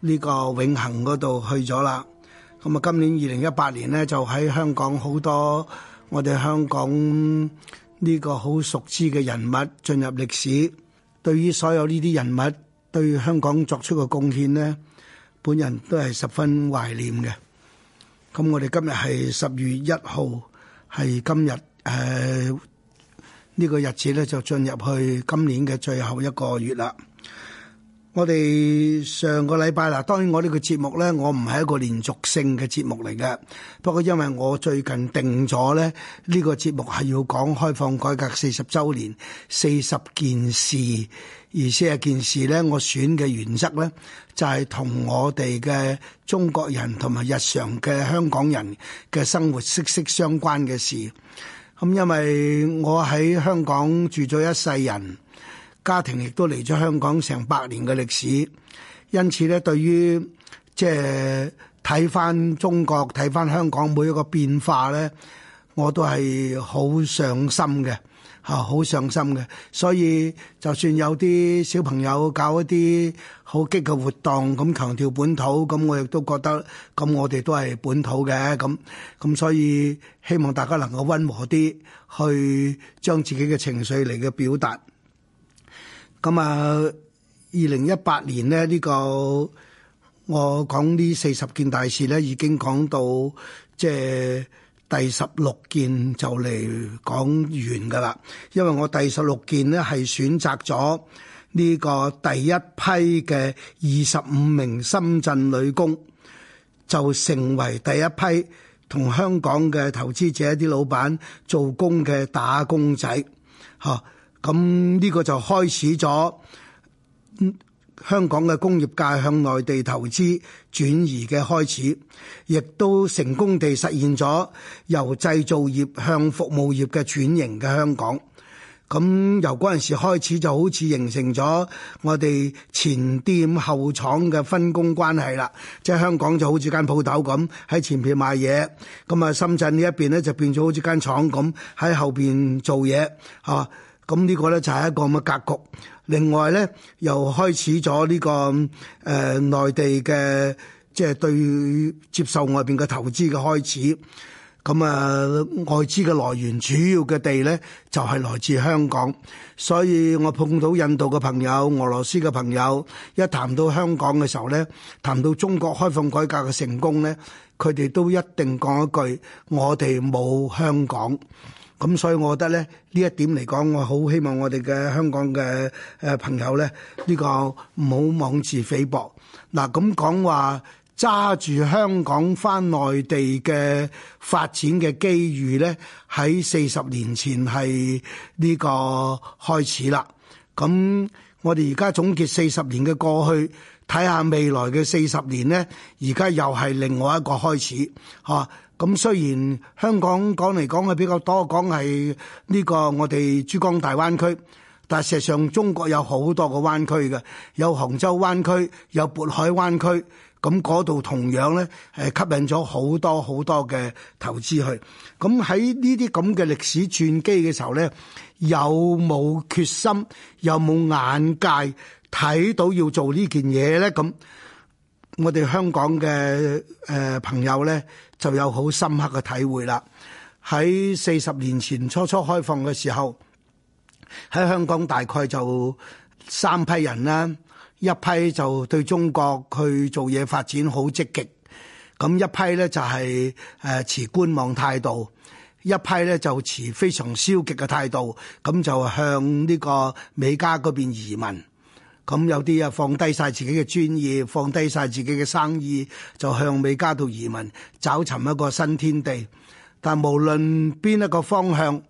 呢個永恆嗰度去咗啦，咁啊，今年二零一八年咧，就喺香港好多我哋香港呢個好熟知嘅人物進入歷史。對於所有呢啲人物對香港作出嘅貢獻咧，本人都係十分懷念嘅。咁我哋今日係十月一號，係今日誒呢個日子咧，就進入去今年嘅最後一個月啦。我哋上個禮拜啦，當然我呢個節目呢，我唔係一個連續性嘅節目嚟嘅。不過因為我最近定咗呢呢、呢個節目係要講開放改革四十週年四十件事，而四十件事呢，我選嘅原則呢，就係、是、同我哋嘅中國人同埋日常嘅香港人嘅生活息息相關嘅事。咁、嗯、因為我喺香港住咗一世人。家庭亦都嚟咗香港成百年嘅歷史，因此咧，對於即係睇返中國、睇返香港每一個變化咧，我都係好上心嘅，嚇好上心嘅。所以就算有啲小朋友搞一啲好激嘅活動，咁強調本土，咁我亦都覺得咁，我哋都係本土嘅。咁咁，所以希望大家能夠溫和啲，去將自己嘅情緒嚟嘅表達。咁啊，二零一八年咧，呢個我講呢四十件大事咧，已經講到即係第十六件就嚟講完㗎啦。因為我第十六件咧係選擇咗呢個第一批嘅二十五名深圳女工，就成為第一批同香港嘅投資者一啲老闆做工嘅打工仔，嚇。咁呢個就開始咗香港嘅工業界向內地投資轉移嘅開始，亦都成功地實現咗由製造業向服務業嘅轉型嘅香港。咁由嗰陣時開始就好似形成咗我哋前店後廠嘅分工關係啦，即係香港就好似間鋪頭咁喺前邊賣嘢，咁啊深圳呢一邊咧就變咗好似間廠咁喺後面做嘢，嚇。咁呢個呢，就係一個咁嘅格局。另外呢，又開始咗呢個誒內地嘅，即係對接受外面嘅投資嘅開始。咁啊，外資嘅來源主要嘅地呢，就係來自香港。所以我碰到印度嘅朋友、俄羅斯嘅朋友，一談到香港嘅時候呢，談到中國開放改革嘅成功呢，佢哋都一定講一句：我哋冇香港。咁所以，我覺得咧呢一點嚟講，我好希望我哋嘅香港嘅誒朋友咧，呢個唔好妄自菲薄。嗱，咁講話揸住香港翻內地嘅發展嘅機遇咧，喺四十年前係呢個開始啦。咁我哋而家總結四十年嘅過去，睇下未來嘅四十年咧，而家又係另外一個開始，嚇。咁雖然香港講嚟講去比較多講係呢個我哋珠江大灣區，但事實上中國有好多個灣區嘅，有杭州灣區，有渤海灣區，咁嗰度同樣咧係吸引咗好多好多嘅投資去。咁喺呢啲咁嘅歷史轉機嘅時候咧，有冇決心，有冇眼界睇到要做呢件嘢咧？咁我哋香港嘅誒朋友咧？就有好深刻嘅體會啦。喺四十年前初初開放嘅時候，喺香港大概就三批人啦，一批就對中國佢做嘢發展好積極，咁一批咧就係誒持觀望態度，一批咧就持非常消極嘅態度，咁就向呢個美加嗰邊移民。咁有啲啊，放低曬自己嘅專業，放低曬自己嘅生意，就向美加度移民，找尋一個新天地。但無論邊一個方向，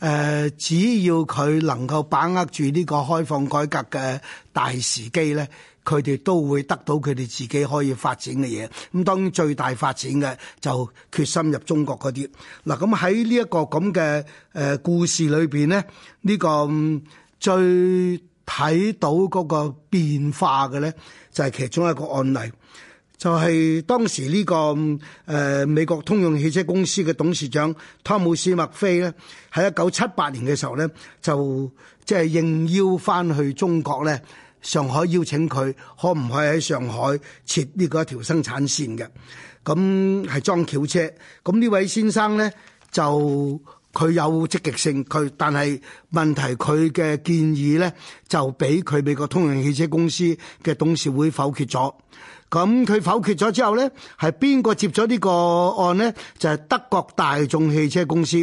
誒，只要佢能夠把握住呢個開放改革嘅大時機咧，佢哋都會得到佢哋自己可以發展嘅嘢。咁當然最大發展嘅就決心入中國嗰啲。嗱，咁喺呢一個咁嘅誒故事裏邊咧，呢個最。睇到嗰個變化嘅咧，就係、是、其中一個案例，就係、是、當時呢、這個誒、呃、美國通用汽車公司嘅董事長湯姆斯麥菲咧，喺一九七八年嘅時候咧，就即係應邀翻去中國咧，上海邀請佢，可唔可以喺上海設呢個一條生產線嘅？咁係裝轎車，咁呢位先生咧就。佢有積極性，佢但係問題佢嘅建議呢，就俾佢美國通用汽車公司嘅董事會否決咗。咁佢否決咗之後呢，係邊個接咗呢個案呢？就係德國大眾汽車公司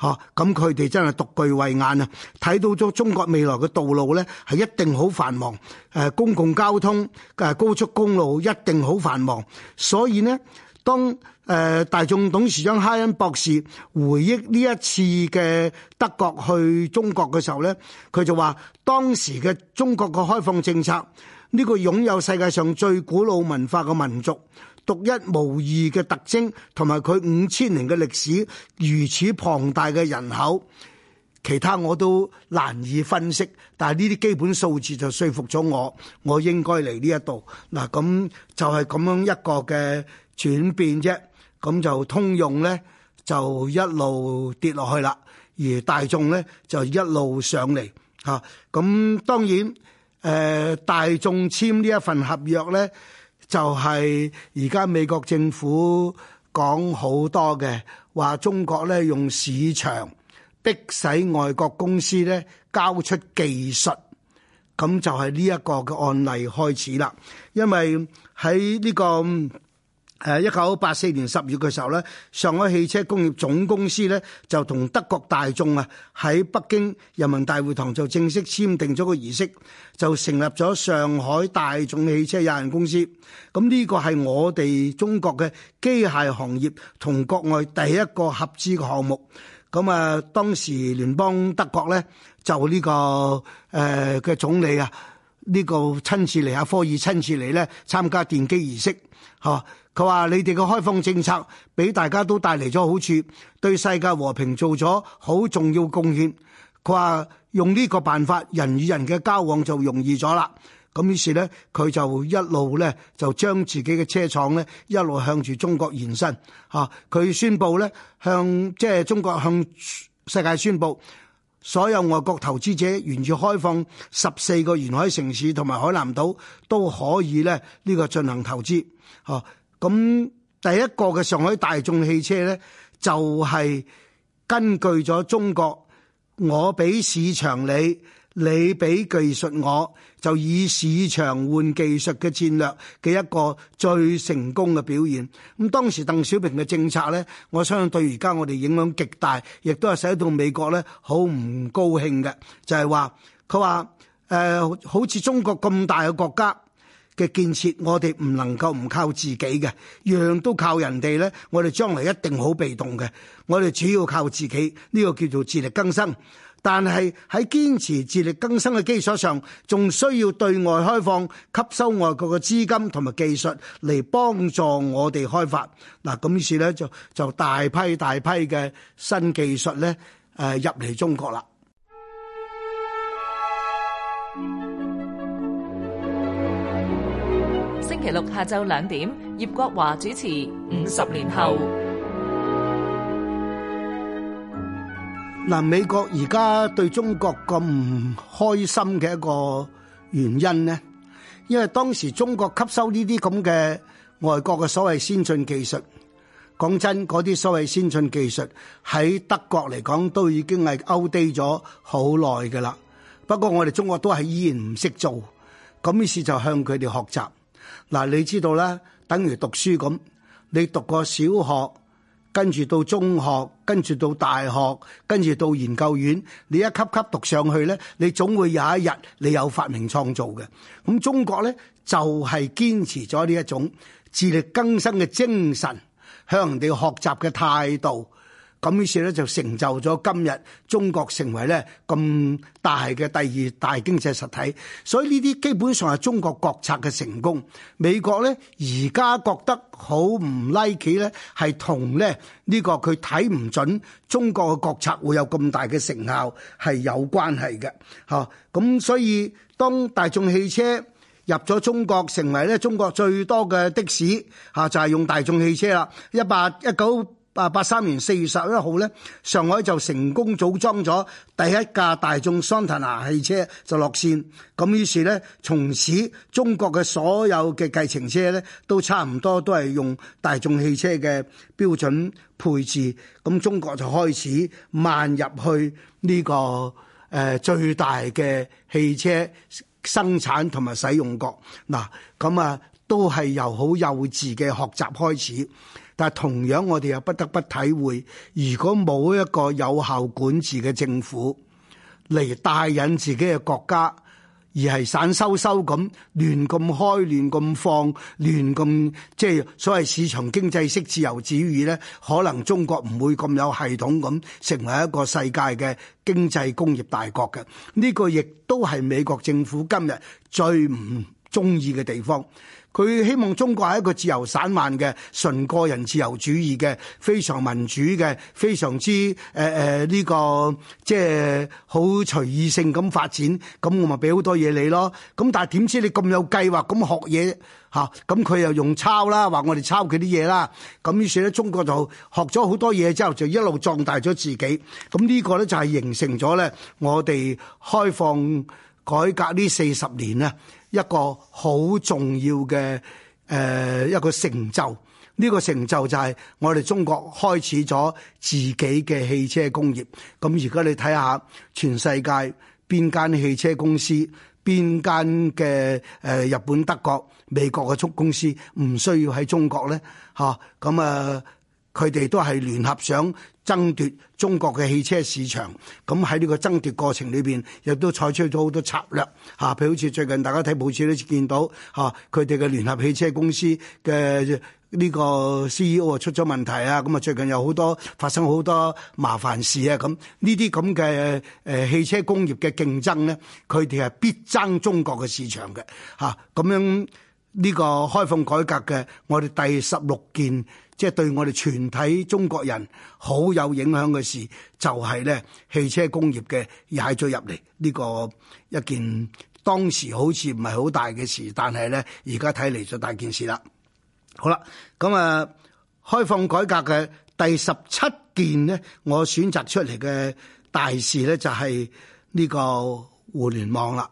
嚇。咁佢哋真係獨具慧眼啊！睇到咗中國未來嘅道路呢，係一定好繁忙。誒，公共交通誒高速公路一定好繁忙。所以呢，當誒、呃，大眾董事長哈恩博士回憶呢一次嘅德國去中國嘅時候呢，佢就話，當時嘅中國嘅開放政策，呢、呢個擁有世界上最古老文化嘅民族，獨一無二嘅特徵，同埋佢五千年嘅歷史，如此龐大嘅人口，其他我都難以分析，但係呢啲基本數字就說服咗我，我應該嚟呢一度。嗱，咁就係咁樣一個嘅轉變啫。咁就通用呢，就一路跌落去啦，而大眾呢，就一路上嚟嚇。咁、啊、當然、呃、大眾簽呢一份合約呢，就係而家美國政府講好多嘅，話中國呢，用市場逼使外國公司呢交出技術，咁就係呢一個嘅案例開始啦。因為喺呢個誒一九八四年十月嘅時候咧，上海汽車工業總公司咧就同德國大眾啊喺北京人民大會堂就正式簽訂咗個儀式，就成立咗上海大眾汽車有限公司。咁呢個係我哋中國嘅機械行業同國外第一個合資嘅項目。咁啊，當時聯邦德國咧就呢個誒嘅、呃、總理啊，呢個親自嚟下科爾親自嚟咧參加奠基儀式，嚇。佢話：他說你哋嘅開放政策俾大家都帶嚟咗好處，對世界和平做咗好重要貢獻。佢話用呢個辦法，人與人嘅交往就容易咗啦。咁於是呢，佢就一路呢，就將自己嘅車廠呢一路向住中國延伸。嚇，佢宣布呢，向即係中國向世界宣布，所有外國投資者沿住開放十四個沿海城市同埋海南島都可以呢，呢個進行投資。嚇！咁第一個嘅上海大眾汽車咧，就係根據咗中國我俾市場你，你俾技術我，就以市場換技術嘅戰略嘅一個最成功嘅表現。咁當時鄧小平嘅政策咧，我相信對而家我哋影響極大，亦都係使到美國咧好唔高興嘅，就係話佢話誒好似中國咁大嘅國家，嘅建設，我哋唔能夠唔靠自己嘅，樣樣都靠人哋呢。我哋將來一定好被動嘅，我哋主要靠自己，呢個叫做自力更生。但係喺堅持自力更生嘅基礎上，仲需要對外開放，吸收外國嘅資金同埋技術嚟幫助我哋開發。嗱，咁於是呢，就就大批大批嘅新技術呢誒入嚟中國啦。星期六下晝兩點，葉國華主持《五十年後》。嗱，美國而家對中國咁唔開心嘅一個原因咧，因為當時中國吸收呢啲咁嘅外國嘅所謂先進技術，講真，嗰啲所謂先進技術喺德國嚟講都已經係 outdate 咗好耐噶啦。不過我哋中國都係依然唔識做，咁於是就向佢哋學習。嗱，你知道啦，等於讀書咁，你讀個小學，跟住到中學，跟住到大學，跟住到研究院，你一級級讀上去咧，你總會有一日你有發明創造嘅。咁中國咧就係堅持咗呢一種自力更生嘅精神，向人哋學習嘅態度。咁於是咧就成就咗今日中國成為咧咁大嘅第二大經濟實體，所以呢啲基本上係中國國策嘅成功。美國咧而家覺得好唔 like 咧，係同咧呢個佢睇唔準中國嘅國策會有咁大嘅成效係有關係嘅，嚇。咁所以當大眾汽車入咗中國成為咧中國最多嘅的,的士嚇，就係用大眾汽車啦，一八一九。八三年四月十一號咧，上海就成功組裝咗第一架大眾桑塔納汽車就落線。咁於是咧，從此中國嘅所有嘅計程車咧，都差唔多都係用大眾汽車嘅標準配置。咁中國就開始邁入去呢個誒最大嘅汽車生產同埋使用國。嗱，咁啊，都係由好幼稚嘅學習開始。但同樣，我哋又不得不體會，如果冇一個有效管治嘅政府嚟帶引自己嘅國家，而係散收收咁，亂咁開，亂咁放，亂咁，即係所謂市場經濟式自由主義呢，可能中國唔會咁有系統咁成為一個世界嘅經濟工業大國嘅。呢個亦都係美國政府今日最唔中意嘅地方。佢希望中國係一個自由散漫嘅、純個人自由主義嘅、非常民主嘅、非常之誒誒呢個即係好隨意性咁發展，咁我咪俾好多嘢你咯。咁但係點知你咁有計劃咁學嘢吓？咁、啊、佢又用抄啦，話我哋抄佢啲嘢啦。咁於是咧，中國就學咗好多嘢之後，就一路壯大咗自己。咁呢個咧就係形成咗咧，我哋開放。改革呢四十年呢一個好重要嘅，誒，一個成就。呢個成就就係我哋中國開始咗自己嘅汽車工業，咁而家你睇下全世界邊間汽車公司，邊間嘅，誒，日本、德國、美國嘅速公司，唔需要喺中國咧？吓，咁啊，佢哋都係聯合上爭奪中國嘅汽車市場，咁喺呢個爭奪過程裏面，亦都採取咗好多策略吓，譬如好似最近大家睇報紙都見到吓，佢哋嘅聯合汽車公司嘅呢個 CEO 出咗問題啊，咁啊最近有好多發生好多麻煩事啊，咁呢啲咁嘅誒汽車工業嘅競爭咧，佢哋係必爭中國嘅市場嘅嚇，咁樣呢個開放改革嘅我哋第十六件。即係對我哋全體中國人好有影響嘅事，就係咧汽車工業嘅踩咗入嚟。呢個一件當時好似唔係好大嘅事，但係咧而家睇嚟就大件事啦。好啦，咁啊開放改革嘅第十七件咧，我選擇出嚟嘅大事咧就係呢個互聯網啦。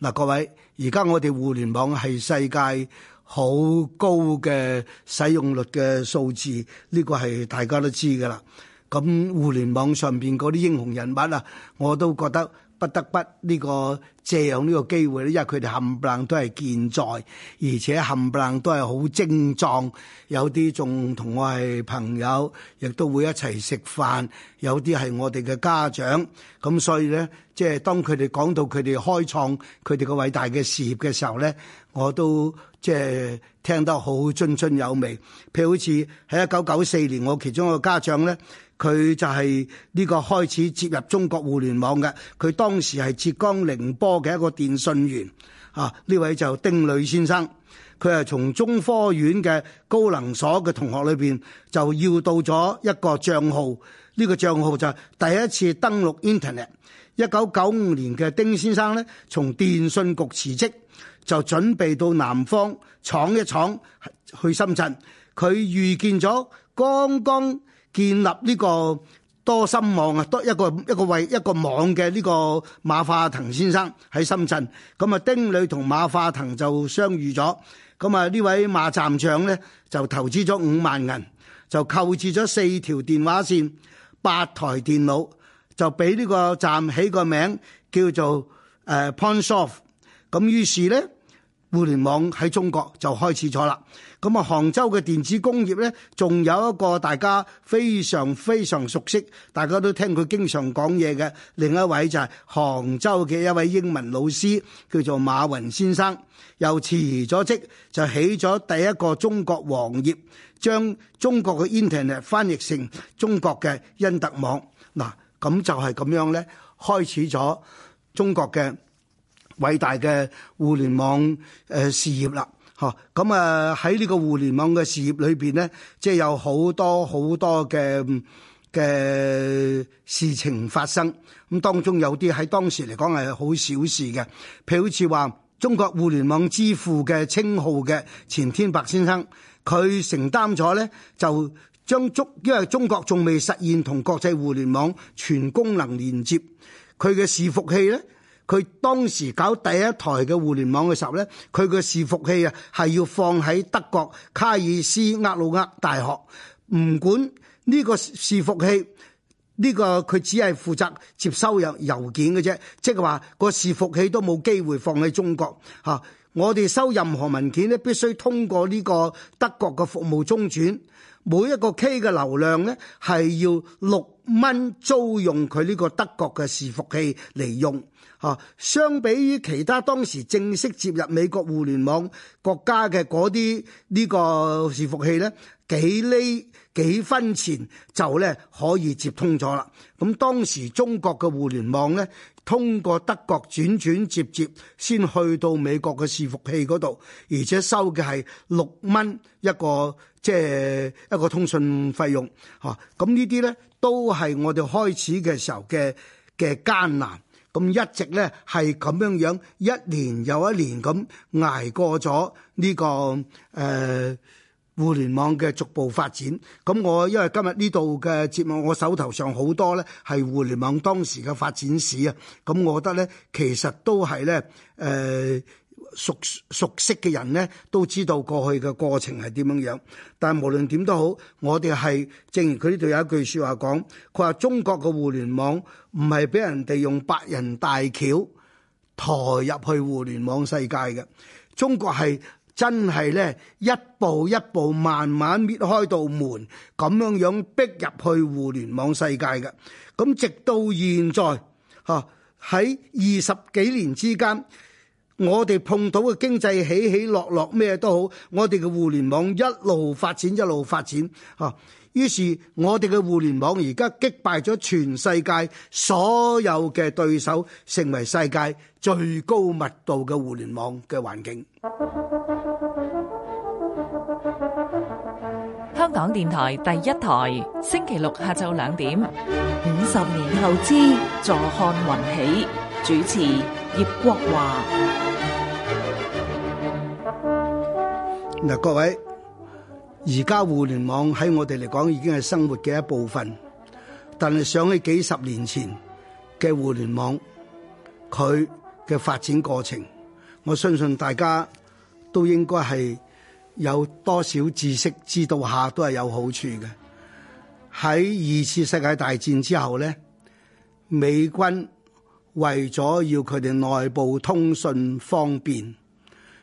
嗱，各位，而家我哋互聯網係世界，好高嘅使用率嘅數字，呢個係大家都知㗎啦。咁互聯網上邊嗰啲英雄人物啊，我都覺得不得不呢個借用呢個機會咧，因為佢哋冚唪唥都係健在，而且冚唪唥都係好精壯，有啲仲同我係朋友，亦都會一齊食飯，有啲係我哋嘅家長，咁所以咧，即係當佢哋講到佢哋開創佢哋嘅偉大嘅事業嘅時候咧。我都即係、就是、聽得好津津有味。譬如好似喺一九九四年，我其中一個家長咧，佢就係呢個開始接入中國互聯網嘅。佢當時係浙江寧波嘅一個電信員啊。呢位就丁磊先生，佢係從中科院嘅高能所嘅同學裏邊就要到咗一個賬號，呢、呢個賬號就第一次登錄 Internet。一九九五年嘅丁先生咧，從電信局辭職。就準備到南方闖一闖，去深圳，佢遇見咗剛剛建立呢個多心網啊，多一個一個位一個網嘅呢個馬化騰先生喺深圳，咁啊丁磊同馬化騰就相遇咗，咁啊呢位馬站長咧就投資咗五萬銀，就購置咗四條電話線、八台電腦，就俾呢個站起個名叫做誒 Ponsoft 咁於是咧。互聯網喺中國就開始咗啦，咁啊，杭州嘅電子工業呢，仲有一個大家非常非常熟悉，大家都聽佢經常講嘢嘅，另一位就係杭州嘅一位英文老師，叫做馬雲先生，又辭咗職，就起咗第一個中國黃頁，將中國嘅 Internet 翻譯成中國嘅因特網，嗱，咁就係咁樣呢，開始咗中國嘅。偉大嘅互聯網誒事業啦，咁啊，喺呢個互聯網嘅事業裏面呢，即係有好多好多嘅嘅事情發生。咁當中有啲喺當時嚟講係好小事嘅，譬如好似話中國互聯網之父嘅稱號嘅錢天白先生，佢承擔咗呢，就將中因為中國仲未實現同國際互聯網全功能連接，佢嘅伺服器呢。佢當時搞第一台嘅互聯網嘅時候呢，佢嘅伺服器啊，係要放喺德國卡爾斯厄魯厄大學。唔管呢個伺服器，呢、呢個佢只係負責接收郵郵件嘅啫，即係話個伺服器都冇機會放喺中國嚇。我哋收任何文件呢，必須通過呢個德國嘅服務中轉。每一個 K 嘅流量呢，係要六蚊租用佢呢個德國嘅伺服器嚟用，相比於其他當時正式接入美國互聯網國家嘅嗰啲呢個伺服器呢，幾厘幾分錢就可以接通咗啦。咁當時中國嘅互聯網呢，通過德國轉轉接接先去到美國嘅伺服器嗰度，而且收嘅係六蚊一個。即係一個通訊費用，嚇咁呢啲咧都係我哋開始嘅時候嘅嘅艱難，咁一直咧係咁樣樣，一年又一年咁捱過咗呢、呢個誒、呃、互聯網嘅逐步發展。咁我因為今日呢度嘅節目，我手頭上好多咧係互聯網當時嘅發展史啊，咁我覺得咧其實都係咧誒。呃熟熟悉嘅人呢都知道過去嘅過程係點樣樣。但係無論點都好，我哋係正如佢呢度有一句説話講，佢話中國嘅互聯網唔係俾人哋用八人大轎抬入去互聯網世界嘅。中國係真係呢一步一步慢慢搣開道門，咁樣樣逼入去互聯網世界嘅。咁直到現在，嚇喺二十幾年之間。我哋碰到嘅經濟起起落落咩都好，我哋嘅互聯網一路發展一路發展，吓、啊。於是我哋嘅互聯網而家擊敗咗全世界所有嘅對手，成為世界最高密度嘅互聯網嘅環境。香港電台第一台，星期六下晝兩點，五十年後之坐看雲起，主持葉國華。各位，而家互聯網喺我哋嚟講已經係生活嘅一部分，但係想起幾十年前嘅互聯網，佢嘅發展過程，我相信大家都應該係有多少知識知道下都係有好處嘅。喺二次世界大戰之後呢，美軍為咗要佢哋內部通訊方便。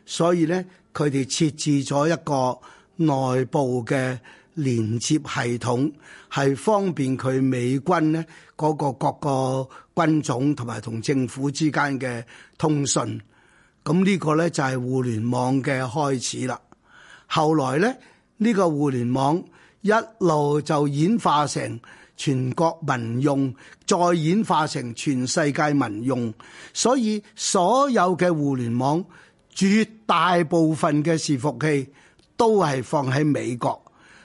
所以咧，佢哋設置咗一個內部嘅連接系統，係方便佢美軍呢嗰個各個軍種同埋同政府之間嘅通訊。咁呢個咧就係互聯網嘅開始啦。後來呢，呢個互聯網一路就演化成全國民用，再演化成全世界民用。所以所有嘅互聯網。絕大部分嘅伺服器都係放喺美國，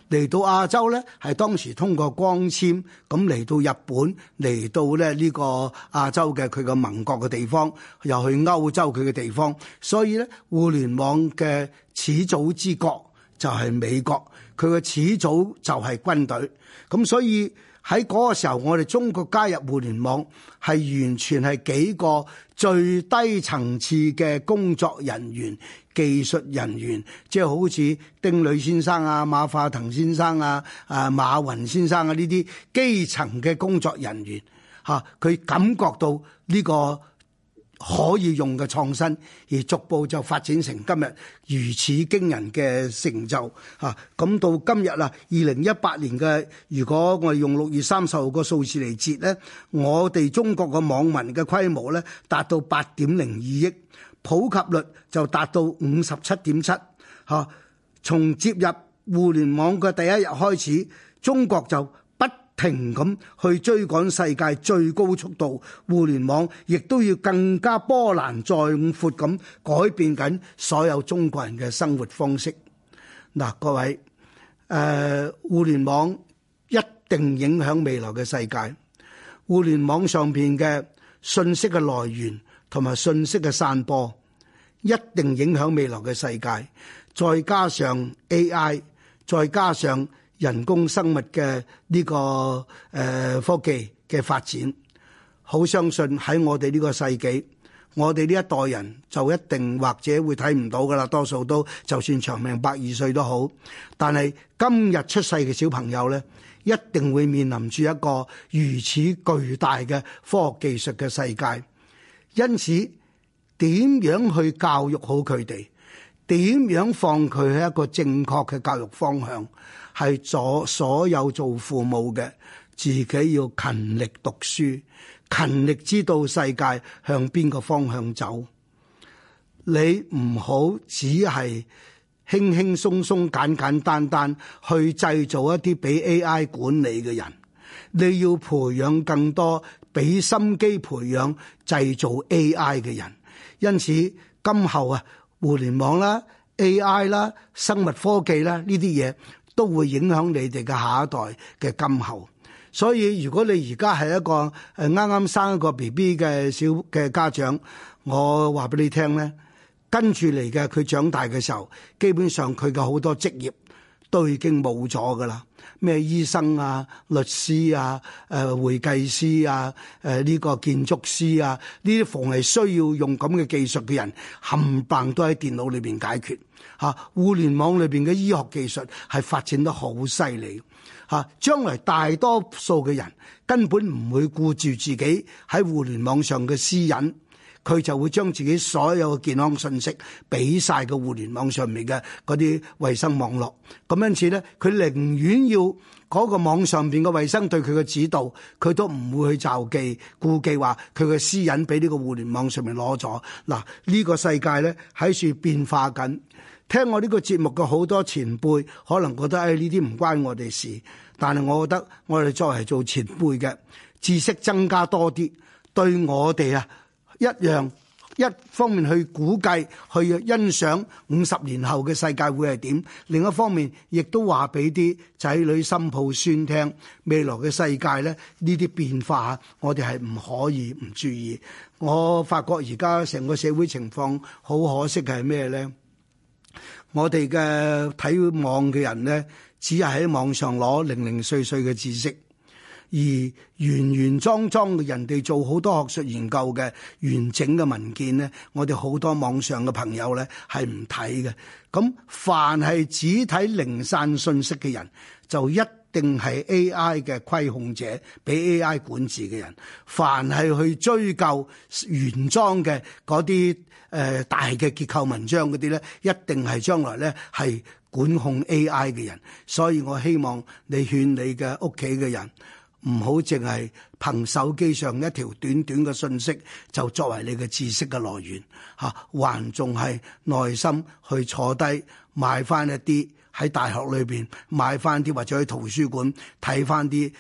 嚟到亞洲呢，係當時通過光纖咁嚟到日本，嚟到咧呢個亞洲嘅佢個盟國嘅地方，又去歐洲佢嘅地方，所以呢，互聯網嘅始祖之國就係美國，佢嘅始祖就係軍隊，咁所以。喺嗰個時候，我哋中國加入互聯網係完全係幾個最低層次嘅工作人員、技術人員，即係好似丁磊先生啊、馬化騰先生啊、啊馬雲先生啊呢啲基層嘅工作人員，嚇、啊、佢感覺到呢個。可以用嘅創新，而逐步就發展成今日如此驚人嘅成就嚇。咁、啊、到今日啦，二零一八年嘅，如果我哋用六月三十號個數字嚟接呢，我哋中國嘅網民嘅規模呢達到八點零二億，普及率就達到五十七點七嚇。從接入互聯網嘅第一日開始，中國就停咁去追趕世界最高速度，互聯網亦都要更加波瀾壯闊咁改變緊所有中國人嘅生活方式。嗱，各位，誒，互聯網一定影響未來嘅世界。互聯網上邊嘅信息嘅來源同埋信息嘅散播一定影響未來嘅世界。再加上 AI，再加上。人工生物嘅呢、呢個誒、呃、科技嘅發展，好相信喺我哋呢個世紀，我哋呢一代人就一定或者會睇唔到噶啦。多數都就算長命百二歲都好，但係今日出世嘅小朋友咧，一定會面臨住一個如此巨大嘅科學技術嘅世界。因此，點樣去教育好佢哋？點樣放佢喺一個正確嘅教育方向？係所有做父母嘅，自己要勤力讀書，勤力知道世界向邊個方向走。你唔好只係輕輕鬆鬆、簡簡單單去製造一啲俾 AI 管理嘅人，你要培養更多俾心機培養製造 AI 嘅人。因此，今後啊，互聯網啦、AI 啦、生物科技啦呢啲嘢，都會影響你哋嘅下一代嘅今後，所以如果你而家係一個誒啱啱生一個 BB 嘅小嘅家長，我話俾你聽咧，跟住嚟嘅佢長大嘅時候，基本上佢嘅好多職業都已經冇咗噶啦，咩醫生啊、律師啊、誒會計師啊、誒、這、呢個建築師啊，呢啲逢係需要用咁嘅技術嘅人，冚唪棒都喺電腦裏邊解決。吓，互聯網裏邊嘅醫學技術係發展得好犀利，吓，將來大多數嘅人根本唔會顧住自己喺互聯網上嘅私隱，佢就會將自己所有嘅健康信息俾晒個互聯網上面嘅嗰啲衛生網絡。咁因此咧，佢寧願要嗰個網上邊嘅衛生對佢嘅指導，佢都唔會去就記顧忌話佢嘅私隱俾呢個互聯網上面攞咗。嗱，呢個世界咧喺處變化緊。聽我呢個節目嘅好多前輩，可能覺得誒，呢啲唔關我哋事，但係我覺得我哋再係做前輩嘅，知識增加多啲，對我哋啊，一樣一方面去估計去欣賞五十年後嘅世界會係點，另一方面亦都話俾啲仔女心抱孫聽未來嘅世界咧呢啲變化，我哋係唔可以唔注意。我發覺而家成個社會情況好可惜係咩呢？我哋嘅睇網嘅人咧，只係喺網上攞零零碎碎嘅知識，而原原裝裝嘅人哋做好多學術研究嘅完整嘅文件咧，我哋好多網上嘅朋友咧係唔睇嘅。咁凡係只睇零散信息嘅人，就一定係 AI 嘅規控者，俾 AI 管治嘅人，凡係去追究原裝嘅嗰啲誒大嘅結構文章嗰啲咧，一定係將來咧係管控 AI 嘅人。所以我希望你勸你嘅屋企嘅人，唔好淨係憑手機上一條短短嘅信息就作為你嘅知識嘅來源嚇，還仲係耐心去坐低買翻一啲。喺大學裏邊買翻啲，或者去圖書館睇翻啲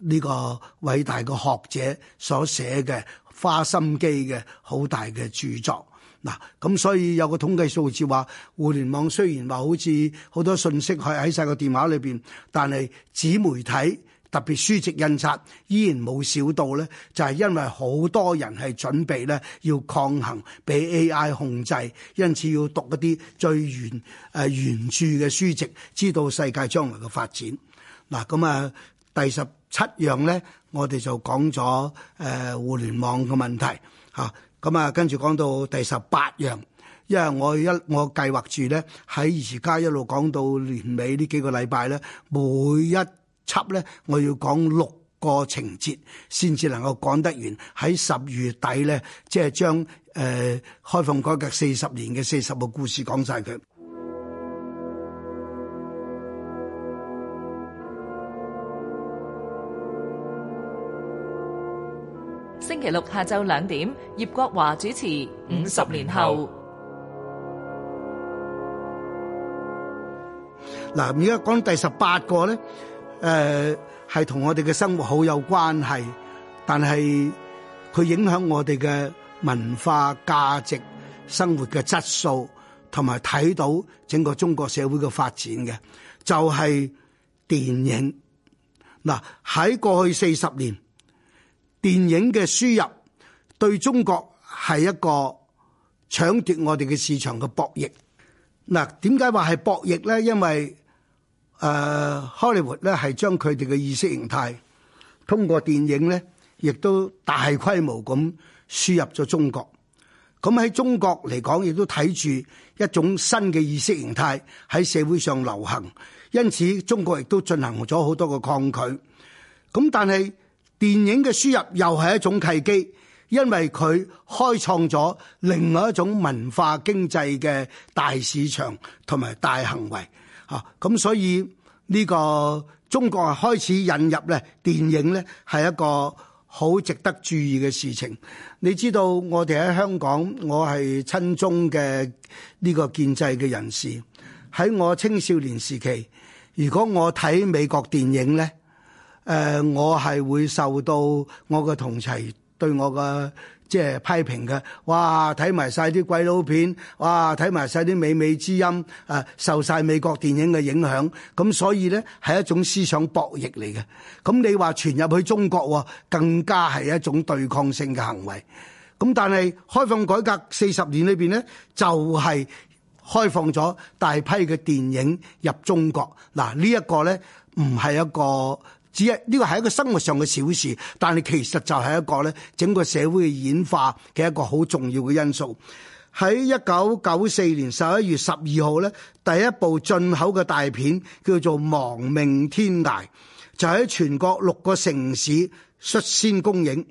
呢個偉大嘅學者所寫嘅花心機嘅好大嘅著作。嗱，咁所以有個統計數字話，互聯網雖然話好似好多信息喺喺晒個電話裏邊，但係紙媒體。特別書籍印刷依然冇少到咧，就係、是、因為好多人係準備咧要抗衡俾 A.I. 控制，因此要讀一啲最原誒、呃、原著嘅書籍，知道世界將來嘅發展。嗱，咁啊，第十七樣咧，我哋就講咗誒、呃、互聯網嘅問題嚇。咁啊，跟住講到第十八樣，因為我一我計劃住咧喺而家一路講到年尾呢幾個禮拜咧，每一輯咧，我要講六個情節，先至能夠講得完。喺十月底咧，即係將誒開放改革四十年嘅四十個故事講晒佢。星期六下晝兩點，葉國華主持《五十年後》。嗱，而家講第十八個咧。誒，係同我哋嘅生活好有關係，但係佢影響我哋嘅文化價值、生活嘅質素，同埋睇到整個中國社會嘅發展嘅，就係電影。嗱，喺過去四十年，電影嘅輸入對中國係一個搶奪我哋嘅市場嘅博弈。嗱，點解話，係博弈咧？因為。誒，uh, Hollywood 咧係將佢哋嘅意識形態通過電影咧，亦都大規模咁輸入咗中國。咁喺中國嚟講，亦都睇住一種新嘅意識形態喺社會上流行，因此中國亦都進行咗好多嘅抗拒。咁但係電影嘅輸入又係一種契機，因為佢開創咗另外一種文化經濟嘅大市場同埋大行為。啊！咁所以呢個中國開始引入呢電影呢，係一個好值得注意嘅事情。你知道我哋喺香港，我係親中嘅呢個建制嘅人士。喺我青少年時期，如果我睇美國電影呢，誒、呃、我係會受到我嘅同儕。對我嘅即係批評嘅，哇！睇埋晒啲鬼佬片，哇！睇埋晒啲美美之音，誒，受晒美國電影嘅影響，咁所以呢係一種思想博弈嚟嘅。咁你話傳入去中國，更加係一種對抗性嘅行為。咁但係開放改革四十年裏邊呢，就係開放咗大批嘅電影入中國。嗱，呢一個呢，唔係一個。只係呢個係一個生活上嘅小事，但係其實就係一個咧整個社會嘅演化嘅一個好重要嘅因素。喺一九九四年十一月十二號咧，第一部進口嘅大片叫做《亡命天涯》，就喺全國六個城市率先公映。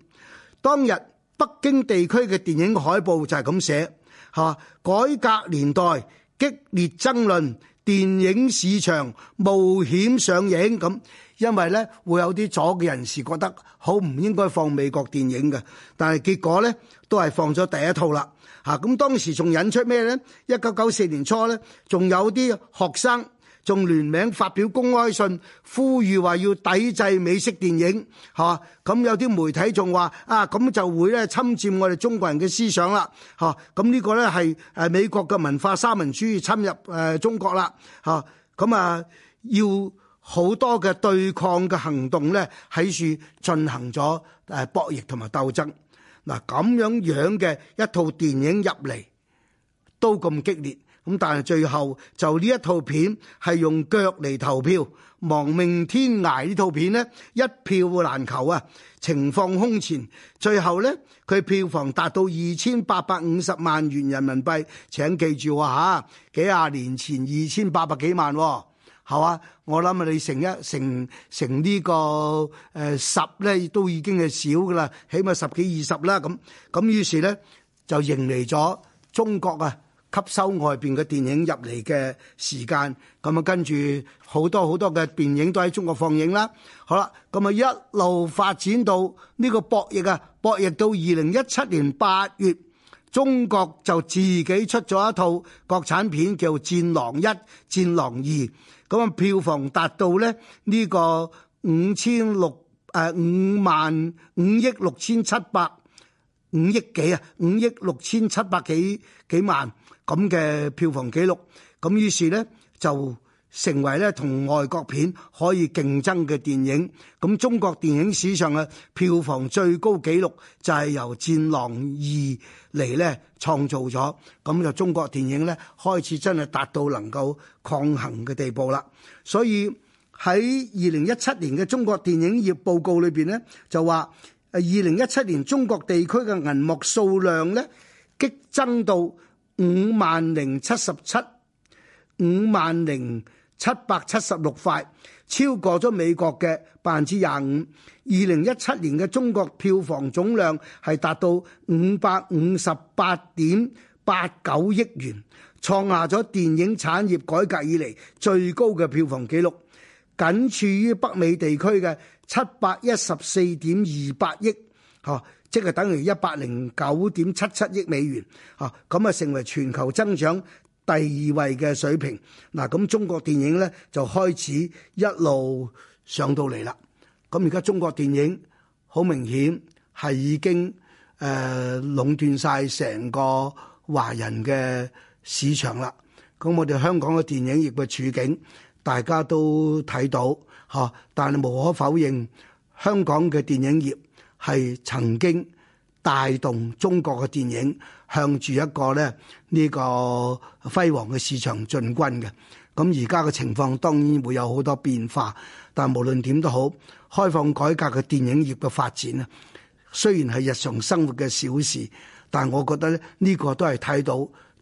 當日北京地區嘅電影海報就係咁寫吓：改革年代激烈爭論，電影市場冒險上映咁。因為咧會有啲左嘅人士覺得好唔應該放美國電影嘅，但係結果咧都係放咗第一套啦嚇。咁當時仲引出咩咧？一九九四年初咧，仲有啲學生仲聯名發表公開信，呼籲話要抵制美式電影嚇。咁有啲媒體仲話啊，咁就會咧侵佔我哋中國人嘅思想啦嚇。咁呢個咧係誒美國嘅文化三文主義侵入誒中國啦嚇。咁啊要。好多嘅對抗嘅行動咧，喺處進行咗誒博弈同埋鬥爭。嗱咁樣樣嘅一套電影入嚟都咁激烈，咁但係最後就呢一套片係用腳嚟投票。亡命天涯呢套片咧一票難求啊，情況空前，最後咧佢票房達到二千八百五十萬元人民幣。請記住啊，吓幾廿年前二千八百幾萬。係啊，我諗啊，你成一成成呢個、呃、十咧，都已經係少㗎啦。起碼十幾二十啦。咁咁於是咧就迎嚟咗中國啊，吸收外邊嘅電影入嚟嘅時間。咁啊，跟住好多好多嘅電影都喺中國放映啦。好啦，咁啊一路發展到呢個博弈啊，博弈到二零一七年八月。中國就自己出咗一套國產片叫《戰狼一》《戰狼二》，咁啊票房達到咧呢、這個五千六誒、啊、五萬五億六千七百五億幾啊五億六千七百幾幾萬咁嘅票房紀錄咁於是咧就。成為咧同外國片可以競爭嘅電影，咁中國電影史上嘅票房最高紀錄就係由《戰狼二》嚟咧創造咗，咁就中國電影咧開始真係達到能夠抗衡嘅地步啦。所以喺二零一七年嘅中國電影業報告裏邊呢，就話誒二零一七年中國地區嘅銀幕數量咧激增到五萬零七十七，五萬零。七百七十六塊，超過咗美國嘅百分之廿五。二零一七年嘅中國票房總量係達到五百五十八點八九億元，創下咗電影產業改革以嚟最高嘅票房記錄，僅次於北美地區嘅七百一十四點二八億，嚇，即係等於一百零九點七七億美元，嚇，咁啊成為全球增長。第二位嘅水平，嗱咁中國電影咧就開始一路上到嚟啦。咁而家中國電影好明顯係已經誒壟斷晒成個華人嘅市場啦。咁我哋香港嘅電影業嘅處境大家都睇到吓，但係無可否認香港嘅電影業係曾經。帶動中國嘅電影向住一個咧呢個輝煌嘅市場進軍嘅，咁而家嘅情況當然會有好多變化，但無論點都好，開放改革嘅電影業嘅發展啊，雖然係日常生活嘅小事，但係我覺得咧呢個都係睇到。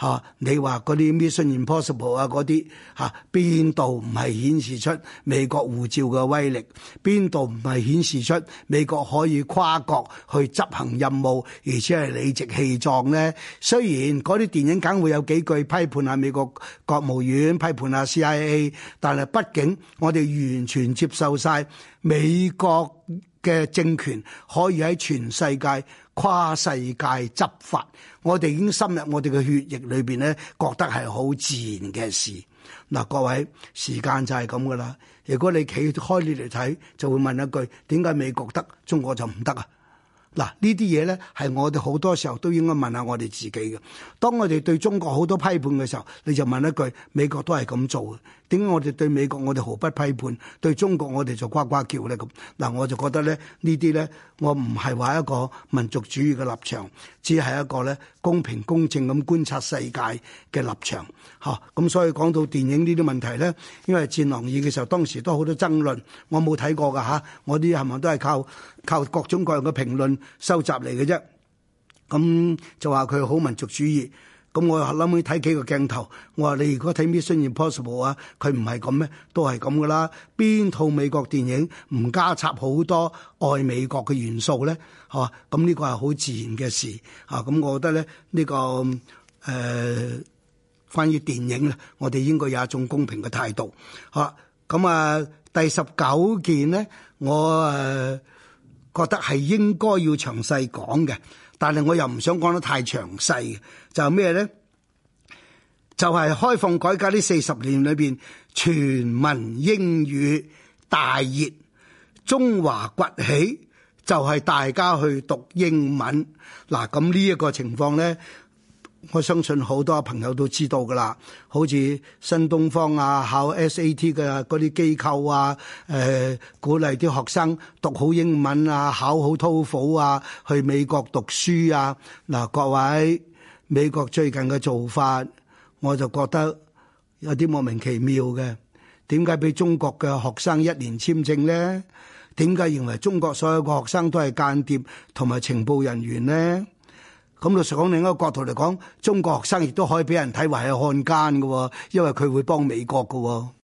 嚇、啊！你話嗰啲咩《Mission Impossible》啊，嗰啲嚇邊度唔係顯示出美國護照嘅威力？邊度唔係顯示出美國可以跨國去執行任務，而且係理直氣壯咧？雖然嗰啲電影梗會有幾句批判下美國國務院，批判下 CIA，但係畢竟我哋完全接受晒美國。嘅政權可以喺全世界跨世界執法，我哋已經深入我哋嘅血液裏邊咧，覺得係好自然嘅事。嗱，各位時間就係咁噶啦。如果你企開你嚟睇，就會問一句：點解美國得，中國就唔得啊？嗱，呢啲嘢呢，係我哋好多時候都應該問下我哋自己嘅。當我哋對中國好多批判嘅時候，你就問一句：「美國都係咁做嘅，點解我哋對美國我哋毫不批判，對中國我哋就呱呱叫呢？」咁嗱，我就覺得呢，呢啲呢，我唔係話一個民族主義嘅立場，只係一個呢公平公正咁觀察世界嘅立場。咁所以講到電影呢啲問題呢，因為戰狼二嘅時候，當時都好多爭論，我冇睇過噶嚇，我啲係咪都係靠靠各種各樣嘅評論收集嚟嘅啫，咁就話佢好民族主義。咁我諗起睇幾個鏡頭，我話你如果睇《Mission Impossible》啊，佢唔係咁咩？都係咁噶啦。邊套美國電影唔加插好多愛美國嘅元素咧？嚇，咁呢個係好自然嘅事嚇。咁、啊、我覺得咧，呢、呢個誒、呃、關於電影咧，我哋應該有一種公平嘅態度嚇。咁啊，第十九件咧，我誒，呃覺得係應該要詳細講嘅，但係我又唔想講得太詳細。就係咩、是、呢？就係、是、開放改革呢四十年裏邊，全民英語大熱，中華崛起就係、是、大家去讀英文。嗱，咁呢一個情況呢。我相信好多朋友都知道噶啦，好似新東方啊，考 SAT 嘅嗰啲機構啊，誒、呃、鼓勵啲學生讀好英文啊，考好 TOEFL 啊，去美國讀書啊。嗱、啊，各位美國最近嘅做法，我就覺得有啲莫名其妙嘅。點解俾中國嘅學生一年簽證咧？點解認為中國所有嘅學生都係間諜同埋情報人員咧？咁老實講，另一個角度嚟講，中國學生亦都可以俾人睇為係漢奸噶，喎，因為佢會幫美國噶。喎。